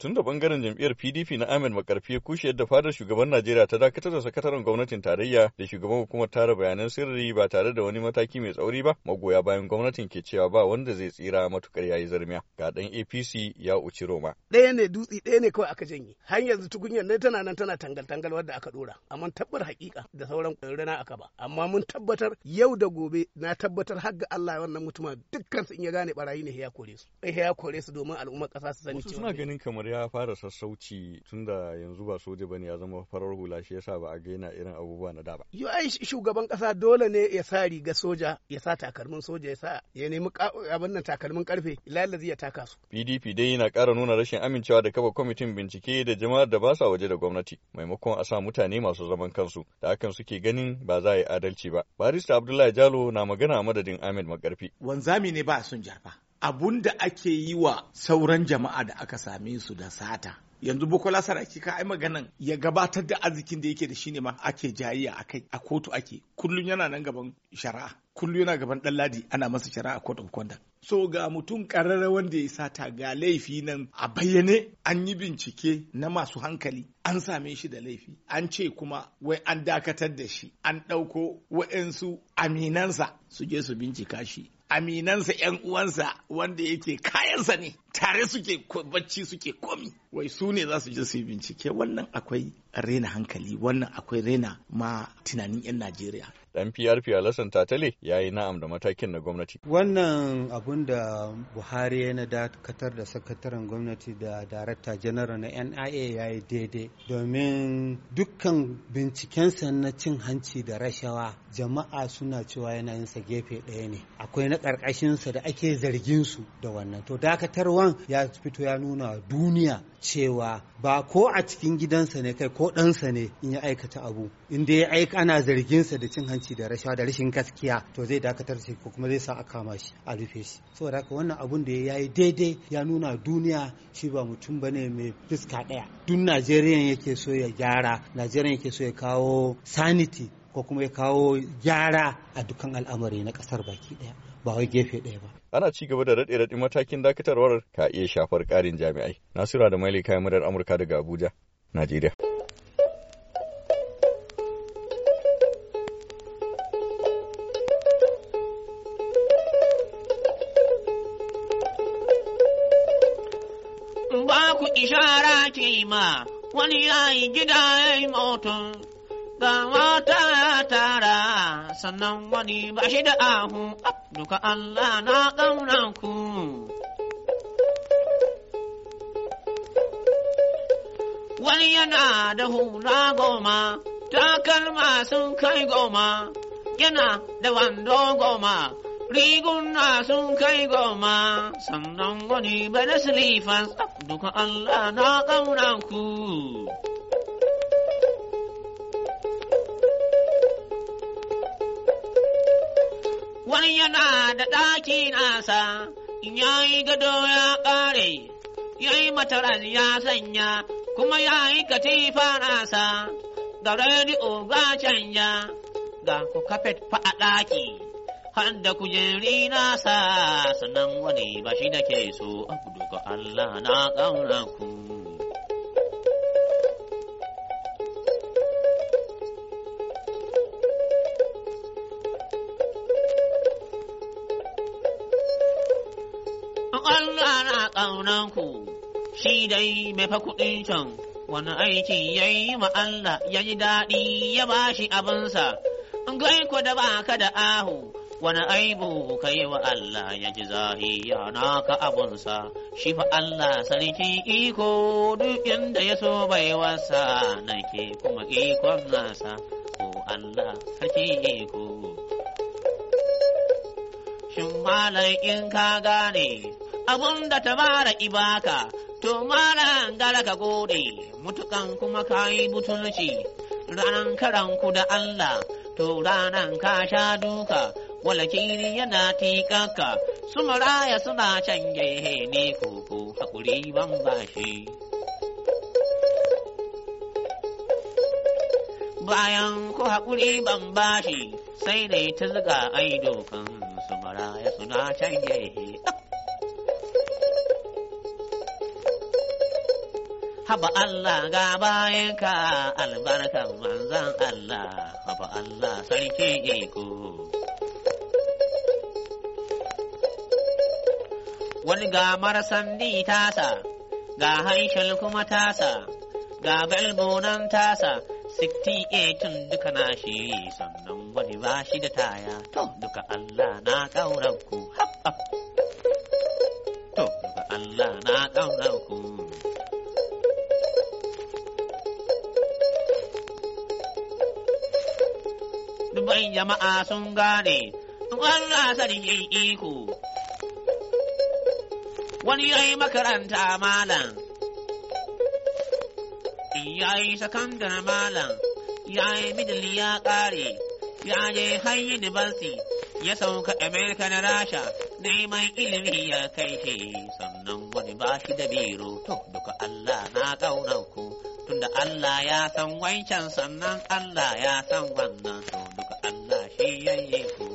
tun da bangaren jam'iyyar pdp na ahmed makarfi kushe yadda fadar shugaban najeriya ta dakatar da sakataren gwamnatin tarayya da shugaban hukumar tara bayanan sirri ba tare da wani mataki mai tsauri ba magoya bayan gwamnatin ke cewa ba wanda zai tsira matukar yayi zarmiya ga dan apc ya uci roma ɗaya ne dutse ɗaya ne kawai aka janye har yanzu tukunyar ne tana nan tana tangal tangal wadda aka dora amma tabbar hakika da sauran rana aka ba amma mun tabbatar yau da gobe na tabbatar har ga Allah wannan mutuma dukkan su in ya gane barayi ne ya kore su eh, ya kore su domin al'ummar kasa su sani cewa suna kamar ya fara sassauci tun da yanzu ba soja ba ne ya zama farar hula shi yasa ba a gaina irin abubuwa na da ba. Yo ai shugaban kasa dole ne ya sa riga soja ya sa takalmin soja ya sa ya nemi abin nan takalmin karfe lalazi ya taka su. PDP dai yana ƙara nuna rashin amincewa da kafa kwamitin bincike da jama'ar da ba sa waje da gwamnati maimakon a sa mutane masu zaman kansu da hakan suke ganin ba za a yi adalci ba. Barista Abdullahi Jalo na magana a madadin Ahmed Makarfi. Wanzami ne ba sun jafa. abun da ake yi wa sauran jama'a da aka same su da sata yanzu bukola saraki ka ai maganan ya gabatar da arzikin da yake da shi ne ma ake jayayya a kai a kotu ake kullum yana nan gaban shari'a kullum yana gaban dan ladi ana masa shari'a a court of so ga mutum karara wanda ya sata ga laifi nan a bayyane an yi bincike na masu hankali an same shi da laifi an ce kuma wai an dakatar da shi an ɗauko waɗansu aminansa su je su bincika shi aminansa ‘yan uwansa wanda yake kayansa ne tare suke bacci suke komi wai su ne za su je su yi bincike wannan akwai rena hankali wannan akwai rena ma tunanin 'yan najeriya Dan PRP Alassan Tatale ya yi na'am da matakin na gwamnati. Wannan abun da Buhari ya na dakatar da sakataren gwamnati da darakta janar na NIA ya yi daidai domin dukkan bincikensa na cin hanci da rashawa jama'a suna cewa yana yin sa gefe ɗaya ne. Akwai na ƙarƙashinsa da ake zargin su da wannan. To dakatarwan ya fito ya nuna duniya cewa ba ko a cikin gidansa ne kai ko ɗansa ne in ya aikata abu. inda ya aika ana zarginsa da cin hanci hanci da rashawa da rashin gaskiya to zai dakatar shi ko kuma zai sa a kama shi a rufe shi saboda haka wannan abun da ya yi daidai ya nuna duniya shi ba mutum bane mai fuska daya duk najeriya yake so ya gyara najeriya yake so ya kawo sanity ko kuma ya kawo gyara a dukkan al'amari na kasar baki daya ba wai gefe ɗaya ba. Ana ci gaba da raɗe raɗe matakin dakatarwar ka iya shafar ƙarin jami'ai. Nasira da Maili kayan murar Amurka daga Abuja, Najeriya. ba ku ishara ce ma wani yayi gida ya yi mutum ga mata ya tara sannan wani ba shi da ahu duka Allah na ƙaunan ku. Wani yana da hula goma, takalma sun kai goma, yana da wando goma. na sun kai goma sannan wani bane silifas duka Allah na ƙauna ku. Wani yana da ɗaki nasa, ya yi gado ya ƙare, ya yi mataran ya sanya, kuma ya yi katifa nasa, ga rediyo ba canja, ga ku kafet fa a ɗaki. har da kujeri na sa sannan wani ba shi da ke so abu ga Allah na ƙauna ku. Allah na ƙaunan ku shi dai mai fa kuɗin can wani aiki ya yi ma Allah ya yi daɗi ya ba shi abinsa. Gai ku da ba ka da ahu wani aibu kai wa Allah ya ji zahiya naka abunsa shi fa Allah sarki iko duk inda ya so bai wasa nake kuma ikon nasa ko Allah sarki iko shin malam in ka gane abun da mara ibaka to mara gara ka gode mutukan kuma ka yi butulci ranan karanku da Allah to ranan ka sha duka walakiri yana tikaka su maraya suna can gehe ne koko hakuri ban bashi bayan ku hakuri ban bashi sai dai ta zuga aido kan su maraya suna can gehe haba Allah ga bayanka albarkan manzan Allah haba Allah sarki iko wani ga marasan ni tasa, ga haishal kuma tasa, ga galbonan tasa, 68 duka na shi sannan wani ba shi da taya, to duka Allah na ƙaunar ku, to duka Allah na ƙaunar ku. jama'a sun gane, Allah sarki iko. wani ya yi makaranta malam ya yi sakandar malam ya yi middle ya ƙare ya je har university ya sauka amerika na rasha neman ilimi ya kai shi sannan wani ba shi da biro to duka allah na ƙaunar ku tunda allah ya san wancan sannan allah ya san wannan to duka allah shi yayyeku.